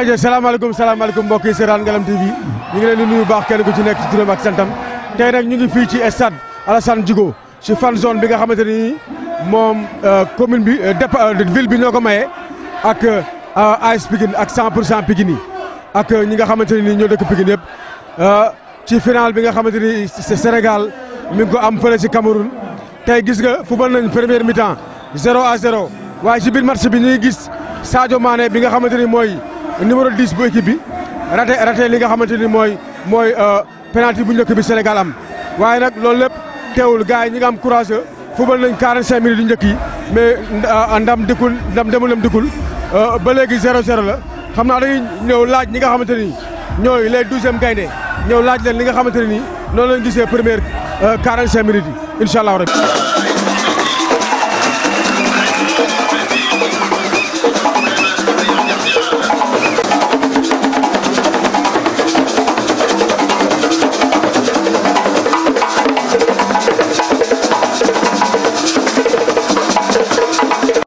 aja salaamaaleykum salaamaaleykum mbokk yi seetaan Ngalam TV ñu ngi leen di nuyu baax kenn ku ci nekk ci turam ak santam tey nag ñu ngi fii ci stade Alassane Djigo ci fan zone bi nga xamante ni moom euh, commune bi euh, euh, ville bi ñoo ko may ak AS Pikine ak 100 pour cent Pikine yi ak ñi nga xamante ni ñoo dëkk Pikine yëpp ci final bi nga xamante ni Sénégal mi ko am fële ci Cameroun tey gis nga football nañ première mi-temps 0 à 0 waaye ci biir match bi ñuy gis Sadio Mané bi nga xamante ni mooy. numéro 10 bu équipe bi raté raté li nga xamante ni mooy mooy euh, penalty bu njëkk bi Sénégal am waaye nag loolu lépp teewul gars yi ñi nga am courage football nañ 45 minutes yu njëkk yi mais euh, ndam dikkul ndam demulam dikkul euh, ba léegi 0-0 la xam naa dañuy ñëw laaj ñi nga xamante ni ñooy les douzième gaynde ñëw laaj leen li nga xamante ne nii noonu lañ gisee première 45 minutes yi incha allah rabbi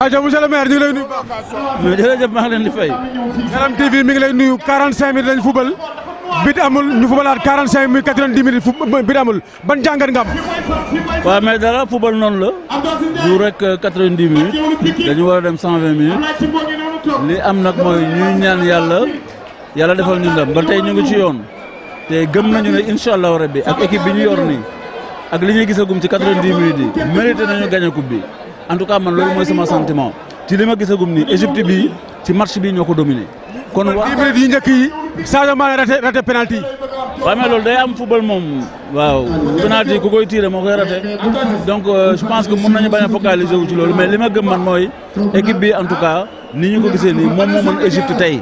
aja monsieur le maire ñu ngi lay nuyu baax jërëjëf maa ngi leen di fay Garam TV mi ngi lay nuyu 45 minutes lañ fubal bit amul ñu fubalaat 45 minutes 90 minutes bit amul ban jàngat nga am waaw mais dara fubal noonu la du rek 90 euh, minutes dañu war a dem 120 minutes li am nag mooy ñuy ñaan yàlla yàlla defal ñu ndam ba tey ñu ngi ci yoon te gëm nañu ne incha allahu rabbi ak équipe bi ñu yor nii ak li ñuy gisagum ci 90 minutes yi mérité nañu gagné coupe bi en tout cas man loolu mooy sama sentiment ci li ma gisagum nii Égypte bi, ci match bii ñoo ko dominé. kon waa dix minutes yi njëkk yi Sadio Mané raté raté penalty. waaw mais loolu day am football moom. waaw penalty ku koy tiré moo koy raté donc euh, je pense que mun nañu bañ a focaliser wu ci loolu mais li ma gëm man mooy équipe bi en tout cas ni ñu ko gisee nii moom moo mën Égypte tey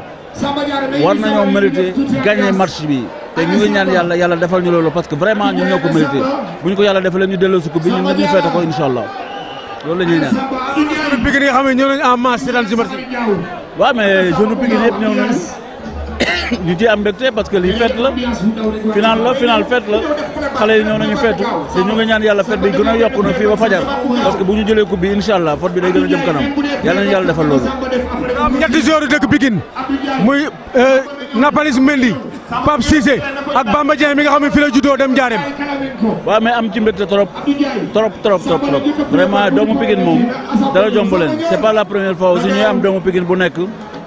war nañoo mérité gagné match bi. te ñu ngi ñaan yàlla yàlla defal ñu loolu parce que vraiment ñun ñoo mérité bu ñu ko yàlla defalee ñu delloo sukk bi ñun ñëpp ñu feete ko incha loolu la ñuy ñaan. jeune bu Pikine nga xam ne ñëw nañu en masse si daan si marché bi. waaw mais jeune bu ñu ciy am mbégte parce que lii fête la final la final fête la xale yi ñëw nañu feetu te ñu ngi ñaan yàlla fête bi gën a yokku na fii ba fajar parce que bu ñu jëlee coupe bi incha allah fête bi day gën a jëm kanam yàlla nañu yàlla defal loolu. am ñetti joueurs dëkk Pikine muy euh, Nampalys Mendy. pap Cissé ak Bamba jé mi nga xamni fi la juddo dem jaarém wa mais am ci mbégte trop trop trop trop trop vraiment doomu pigin mom dara jombolen leen c'est pas la première fois aussi ñuy am doomu pigin bu nek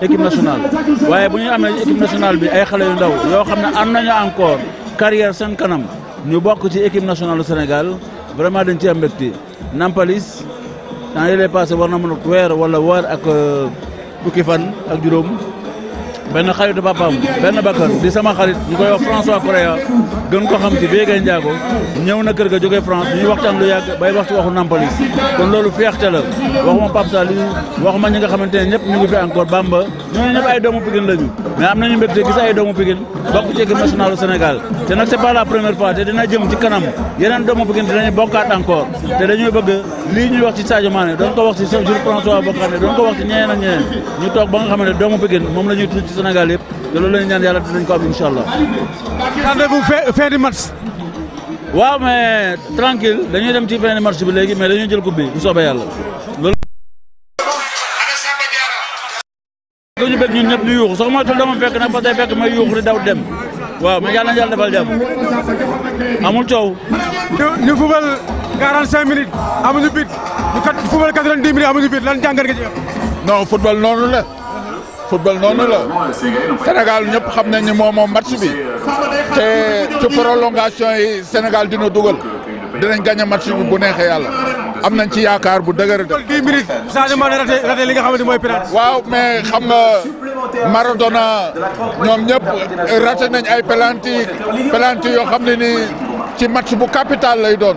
équipe nationale. waaye bu ñuy amee équipe nationale bi ay xalé yu ndaw yo xam am nañu encore carrière sen kanam ñu bokk ci équipe nationale du Sénégal vraiment dañ ci am mbégte Nampalis dans les war na mën a wala weer ak bukifan euh, ak juroom benn xaritu papaam benn bakkan di sama xarit ñu koy wax François Correa gën ko xam ci Bégay Ndiago ñëw na kër ga jógee France ñuy waxtaan lu yàgg bay wax waxu Nampalis kon loolu fierté la waxuma Pape Saliou waxuma ñi nga xamante ne ñu ngi fi encore Bamba ñooñu ñëpp ay doomu Pikine lañu mais am nañu mbégte gis ay doomu Pikine bokk ci équipe nationale du Sénégal te nag c'est pas la te dina jëm ci kanam yeneen doomu Pikine te dañuy lii ñuy wax ci Sadio Mané doon ko wax ci Jules François Bocandé doon ko wax ci ñeneen ak ñu toog ba nga xam doomu Pékin moom la ñuy ci Sénégal te ñaan dinañ ko am allah. vous fin du match. waaw mais tranquille dañuy dem ci fin du match bi léegi mais dañuy jël coupe bi bu soobee yàlla loolu. ñu bëgg ñun ñëpp ñu yuuxu sax mooy dama fekk fekk may di daw dem waaw mais yàlla defal amul ñu fubal 45 minutes amuñu bit ñu kat football 90 minutes amuñu bit lan jàngat nga ci non football noonu la. football noonu la Sénégal ñëpp xam nañ ni moom moom match bi te ci prolongation yi Sénégal dina dugal dinañ gagné match bi bu neexee yàlla am nañ ci yaakaar bu dëgër de. 10 minutes Sadio Mané raté raté li nga xamante mooy penalty. waaw mais xam na Maradona ñoom ñëpp raté nañ ay penalty penalty yoo xam ne ni ci match bu capital lay doon.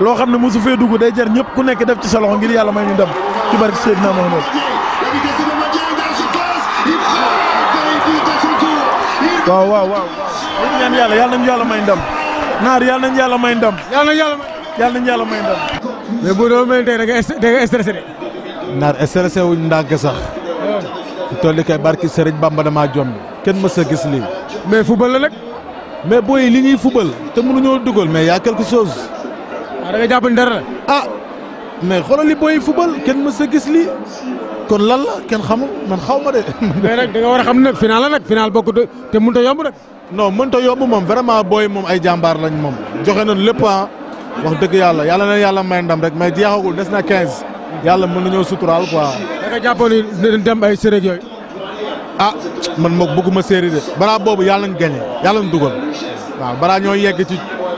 loo xam ne mosu fee dugg day jar ñëpp ku nekk def ci sa ngi ngir yàlla may ñu dem ci barke Seydina Mohamed waaw waaw waaw ñu ñaan yàlla yàlla nañu yàlla may ndam naar yàlla nañu yàlla may ndam yàlla nañu yàlla yàlla nañu yàlla may ndam mais bu doon mel tey da nga naar stressé wuñ ndànk sax tolli kay barki Sëriñ Bamba damaa jom kenn mës a gis lii mais fubal la nag mais booy li ñuy fubal te mënuñoo dugal mais y a quelque a ah, da nga jàpp ni dara la. ah mais li booy football kenn mës a gis lii kon lan kenn xamul man xaw ma de. mais rek da war a xam nag final la boo final bokkut te mënut a yomb nag. noo mënut a yomb moom vraiment booy moom ay jàmbaar lañ moom joxe nañ lépp ah. wax dëgg yàlla yàlla na yàlla may ndam rek mais jeexagul des na 15 yàlla mën nañoo suturaal quoi. da nga jàppoon ni dem ay séeréer yooyu. ah man moom bëgguma séeréer de balaa boobu yàlla nañ gagné yàlla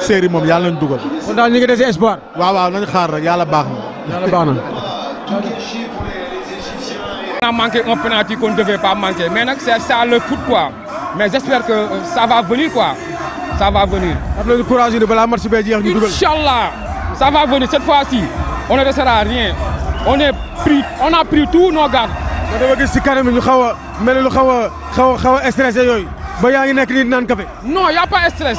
série mom yalla ñu dugal. kon daal ñi ngi dese espoir. wa wa nañ xaar rek yalla baax na. yalla baax na. on a manqué un penalty qu'on ne devait pas manquer mais nak c'est ça le foot quoi mais j'espère que euh, ça va venir quoi ça va venir. am le courage de balaa match bee jeex ñu dugal. inchallah ça va venir cette fois-ci on ne restera rien on est pris on a pris tout nos gars on dama gis si kanam ñu xawa a mel lu xawa xawa xawa stressé yoy ba yaangi nek nit nan café. non il y a pas stress.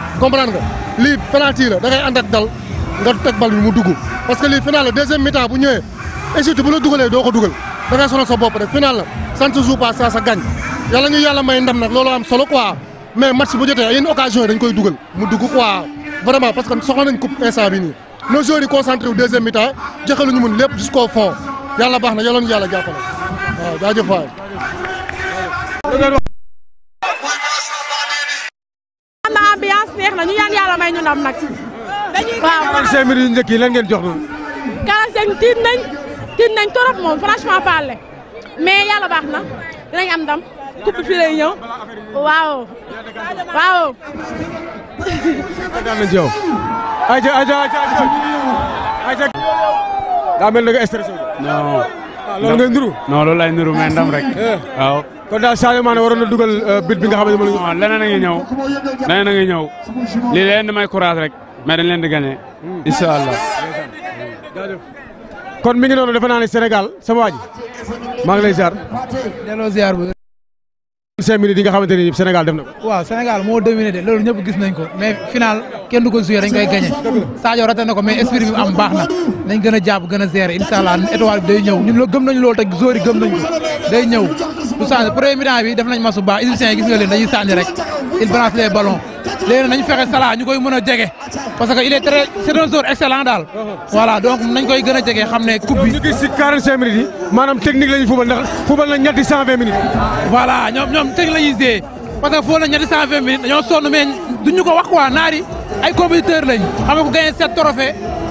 comprendre nga lii penalty la da ngay dal nga teg bal mu dugg parce que lii final la deuxième mi bu ñëwee Égypte bu la dugalee doo ko dugal da ngay sonal sa bopp rek final la ça ne se joue pas ça ça gagne yàlla ñu yàlla may ndam nag loolu am solo quoi mais match bu jotee yenn occasion yi dañ koy dugal mu dugg quoi vraiment parce que soxla nañ coupe instant bi nii nos joueurs yi concentré wu deuxième mi-temps lu ñu mun lépp jusqu'au fond yàlla yàlla neex na ñu ñaan yàlla may ñu ndam nag. waaw 45 minutes yu njëkk yi lan ngeen jox noonu. 45 tiit nañ tiit nañ trop moom franchement parler mais yàlla baax na dinañ am ndam coupe bi fii lay ñëw waaw waaw. daan nañ ci yow. ayca ayca ayca ayca. mel ne que stressé non ah, loolu ngay nuru. non loolu laay nuru mais ndam rek eh. waaw. kon daal Sadio Mané waroon na dugal euh, bit bi nga xam ne moom la. leneen a ngi ñëw leneen a ngi leen di may courage rek mais dañ leen di gagné hmm. incha allah. kon mi ngi noonu defe naa ne Sénégal sama waa ji maa ngi lay ziar. delloo ziar bu. cinq minutes yi ne Sénégal def na ko. waaw de loolu ñëpp gis nañ ko mais final. kenn du ko joué dañ koy gagné Sadio raté na ko mais esprit am baax na nañ gën a jàpp gën a gérer day ñëw ñun gëm nañ loolu te joueur gëm nañ ko day ñëw du changé premier mi-temps bi def nañ masu baax égyptiens yi gis nga leen dañuy sànni rek il balance les ballons léegi nañ fexe Salah ñu koy mën a jege parce que il est très c'est un joueur daal voilà donc nañ koy gën jege xam ne coupe bi ñu gis si 45 minutes yi maanaam ay compétiteur lañ xam nga ku gagné sept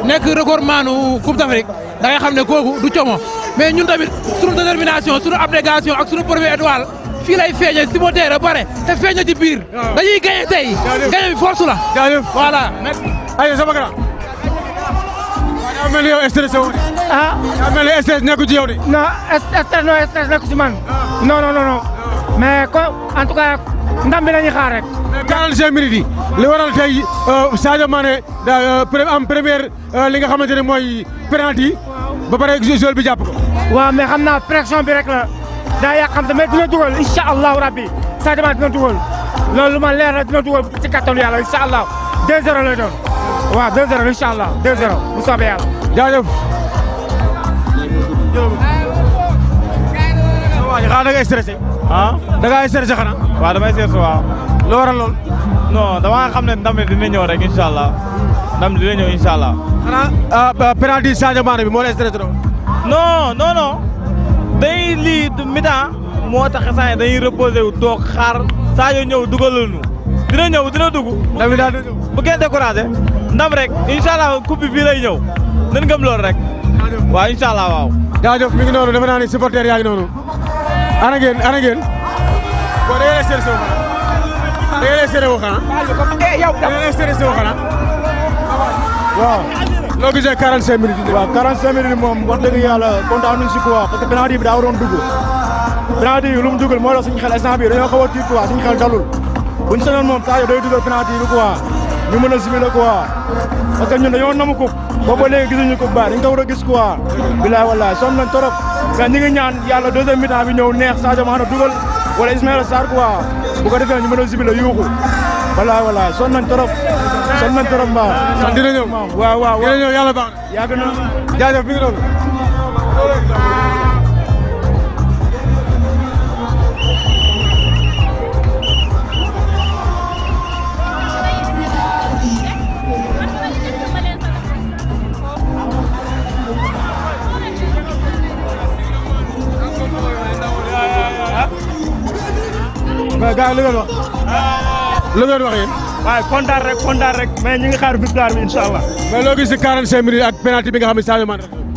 nekk record maanu Coupe d'Afrique da xam ne kooku du como mais ñun tamit suñu détermination suñu abnégation ak suñu première étoile fii lay feeñee si moo teer a bare ci biir dañuy gagné tey gagné bi force la voilà ayo sama grand yaa mel ni yow stress wu ah ni stress nekku nekku ci man ah. non non non ah. mais ko en tout cas ndam bi la ñuy xaar rek. mais 45 minutes yi li waral tey Sadio Mané am première li nga xamante ne mooy penalty ba pare joueur bi jàpp ko. waaw mais xam naa pression bi rek la daa yàqam te mais dina dugal incha allahu rabbi Sadio Mané dina dugal loolu ma leer la dina dugal ci kattanu yàlla incha allah 2-0 lay doon waaw 2-0 incha allah 2-0 bu soobee yàlla. jaajëf. waaj xanaa da ngay stressé. ah da ngay stressé xanaa. waaw damay stressé waaw. loo waral lool. non damaa xam ne ndam li dina ñëw rek incha allah ndam li dina ñëw incha allah. xanaa ah, penalty bi moo lay stressé doon. non non non day lii mi moo tax saa dañuy reposé doo toog xaar Sadio ñëw dugalal dina ñëw dina dugg. ndam dina dugg bu kenn découragé. ndam rek incha allah coupe bi fii lay ñëw nan gëm loolu rek. waaw incha allah waaw. jaajëf mi ngi noonu defe naa ne yaa noonu. ana ngeen ana ngeen. boo da ngay seere sew xanaa da ngay seere woo xanaa. Eh, yow da ngay seere sew xanaa. waaw. loo gisee 45 minutes. waaw 45 moom wax dëgg yàlla kontaan nañu si quoi parce que penalty bi daa waroon dugg. penalty bi lu mu dugal moo tax suñu xel instant bii dañoo xaw a tiit quoi suñu xel dalul bu ñu moom Sadio day dugal penalty bi quoi ñu mën a simile quoi parce que ñun namu ko. boobu ba léegi gisuñu ko bu baax dañu ko a gis quoi. bilaay wallaay sonn nañ trop. mais ñu ngi ñaan yàlla deuxième mi-temps bi ñëw neex Sadio Mané dugal wala Ismaïla Sarr quoi bu ko defee ñu mën a sibila yuuxu walaay walaay son nañ trop son nañ trop mbaa. sant dina ñëw waaw waaw dina ñëw yàlla baax na. yàgg na jaajëf bi nga doon. mais gars yi lu ngeen wax. lu ngeen wax yéen. waaye kontaan rek kontaan rek mais ñi ngi xaar victoire bi incha allah. mais loo gis si 45 minutes ak penalty bi nga xam ne Sadio Mané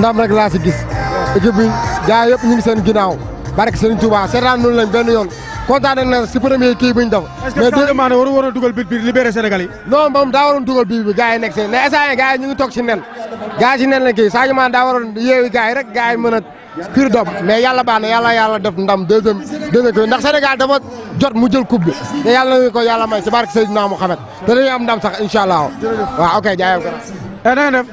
ndam rek laa si gis équipe bi jaay yëpp ñu ngi seen ginnaaw barke Serigne Touba seetaan nañu leen benn yoon kontaan nañu si premier kii bi ñu def. mais est ce que waru waroon dugal bit bi libéré Sénégal yi. non moom daa waroon dugal bit bi gars yi nekk seen mais instant yi ñu ngi toog si nen gars si nen la kii Sadio Mané daa waroon yeewi gars yi rek gars yi mën a yàlla baax na yàlla yàlla def ndam deuxième deuxième ndax Sénégal dafa jot mu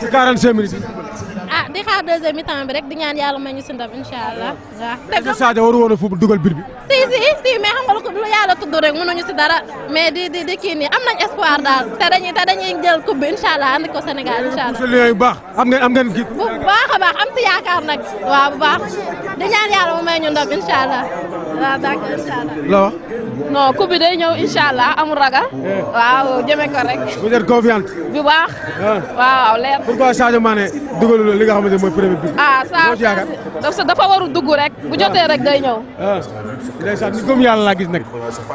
ci 45 minutes. ah di xaar deuxième mi-temps bi rek di ñaan yàlla may ñu si ndam incha allah. Ah. waaw dëgg la Sadio a fu dugal bir bi. si si si mais lu yàlla tudd rek mënuñu si dara mais di di di kii nii am nañ espoir daal te dañuy jël coupe bi incha ko Sénégal incha allah. am ngeen am ngeen kii. bu baax a baax am si yaakaar nag waaw bu baax di eh. bu baax. Ah. waaw leer. li nga xamante ne mooy premier bi. ah ça dafa waru dugg rek bu jotee rek day ñëw. Ah, ni gëm yàlla laa gis nag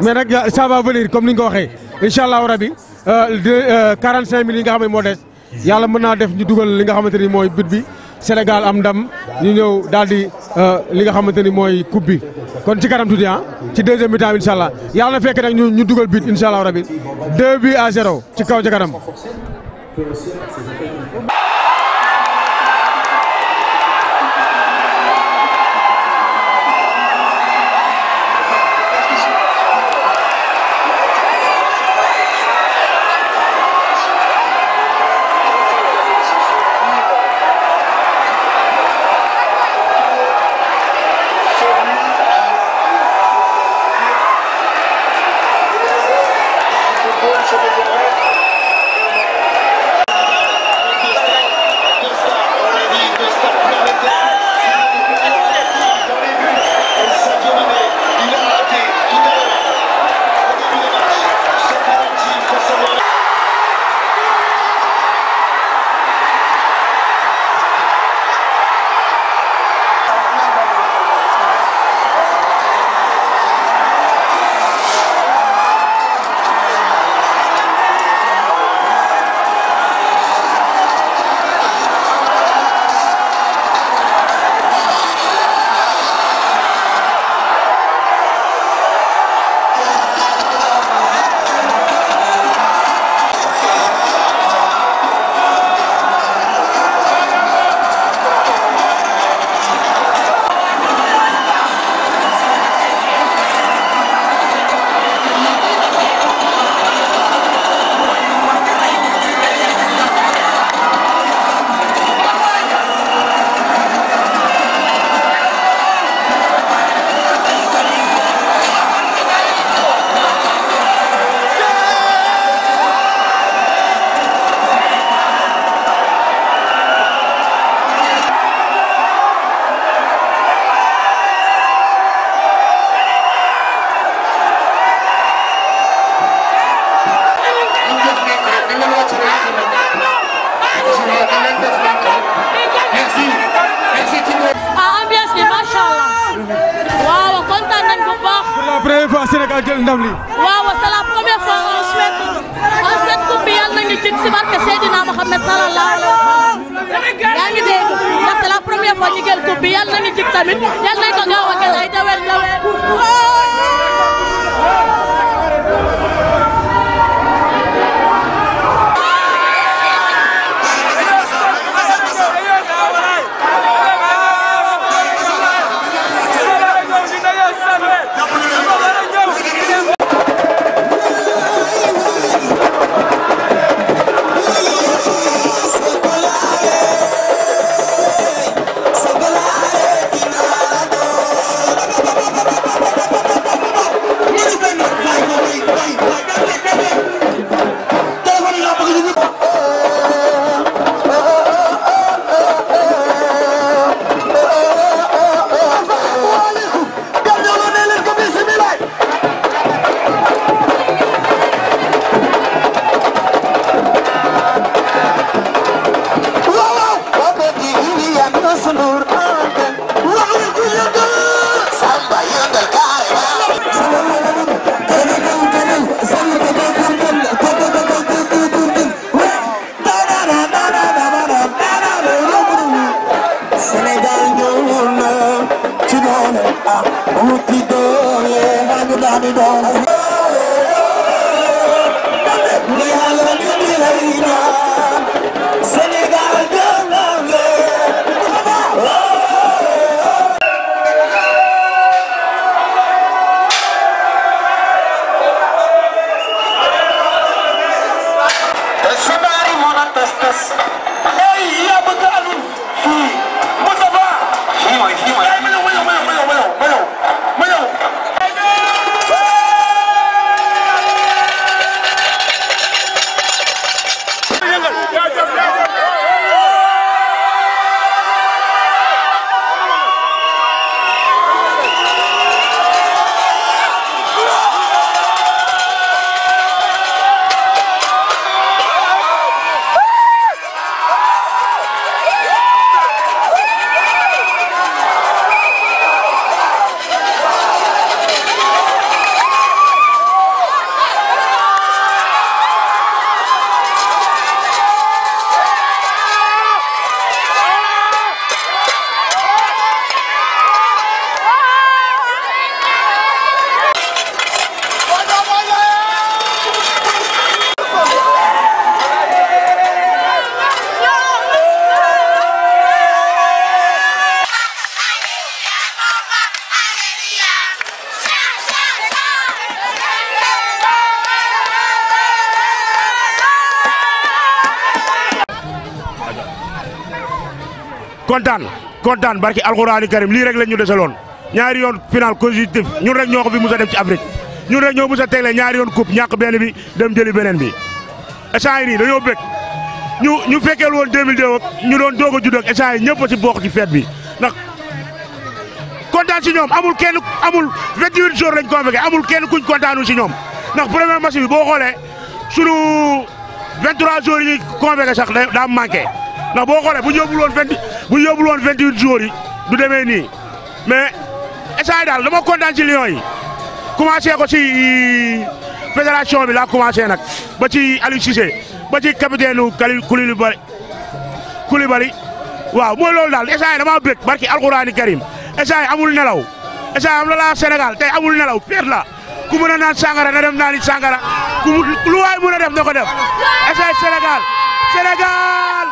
mais nag ça va venir comme ni nga ko waxee incha allahu rabi euh, de 45 euh, mille yi nga xam ne moo yàlla mën naa def ñu dugal li nga xamante ni mooy but bi Sénégal am ndam ñu ñëw daal di euh, li nga xamante ni mooy coupe kon ci kanam tuuti ah ci deuxième mi-temps incha allah yàlla na fekk nag ñu ñu dugal but incha allahu rabi 2 buts à 0 ci kaw ci kanam. yaa jël ndam li waaw c'est la première fois on souhaite on souhaite coupe bi yàlla na ñu yaa ngi dégg ndax c'est la première fois ñu jël bi yàlla na ñu tamit yàlla nañ ko gaaw a jël ay dawel Sunur kontaan kontaan barki alcorane karim li rek lañu déssalon ñaari yon final positif ñun rek ñoko fi mësa dem ci Afrique ñun rek ñoo mësa tegle ñaari yon coupe ñak benn bi dem jëli benen bi échange yi dañu bëkk ñu ñu fekkeel won 2002 ak ñu doon dogo judd ak échange ñepp ci bokk ci fête bi nak kontaan ci ñom amul kenn amul 28 jours lañ convoqué amul kenn kuñ kontaanu ci ñom nak premier match bi bo xolé suñu 23 jours yi ñuy convoqué sax da manqué nak bo xolé bu ñëwul won 20 bu yóbbul woon 28 jours du demee nii mais essai daal dama kontaan ci Lions yi commencé ko ci fédération bi laa commencé nag ba ci Aliou ba ci capitaine nu Koulibaly Koulibaly waaw mooy loolu daal essai dama bëgg barki alxuraani karim essai amul nelaw essai am la la tey amul nelaw feet la ku mën a naan sangara na dem naani sangara ku lu waay mën a def na ko def essai Sénégal Sénégal.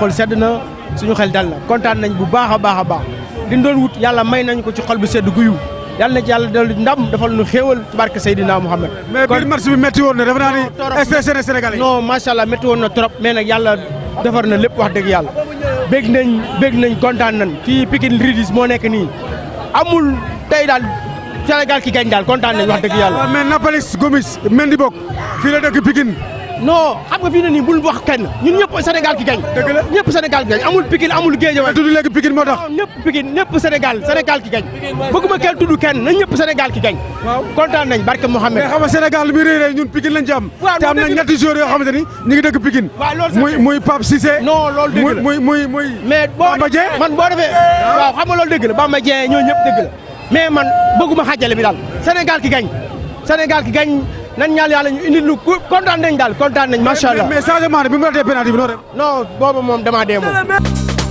xol sedd na suñu xel dal na nañ bu baax a baax a baax li doon wut yàlla may nañ ko ci xol bu sedd guyu yàlla na ci yàlla dolli ndam defal nu xéewal ci barke Seydina Mouhamed. mais biir match bi métti woon na defe naa ni stressé na Sénégalais yi. non macha allah métti na trop mais nag yàlla defar na lépp wax dëgg yàlla bég nañ bég nañ kontaan nañ fii Pikine Ridis moo nekk nii amul tey daal Sénégal ki gañ daal kontaan nañ wax dëgg yàlla. mais Nampalys Gomis Mendy bokk fii la dëkk Pikine non xam nga fii ne nii bul wax kenn ñun ñëpp senegal ki gañ dëgg la ki gañ amul Pikine amul Guédiawaye tudd léegi Pikine moo tax ñëpp Pikine ñëpp Sénégal Sénégal ki gañ bëgguma kenn tudd kenn nañ ñëpp Sénégal ki gañ kontaan nañ barke Mouhamed mais xam nga Sénégal li muy ñun Pikine lañ ci am te am nañ ñetti joueurs yoo xamante ni ñu ngi dëkk Pikine muy muy Pape Cissé non loolu dëgg la muy muy muy mais boo defee waaw xam nga loolu dëgg la Bamba Dieng ñoo ñëpp dëgg la mais man bëgguma xàjjale bi daal Sénégal ki gañ Sénégal ki gañ nan ñaan yàlla ñu indil lu kontaan nañ daal kontaan nañ macha allah. mais changement bi mu ratee penalty bi noo def. non boobu moom damaa dee moom.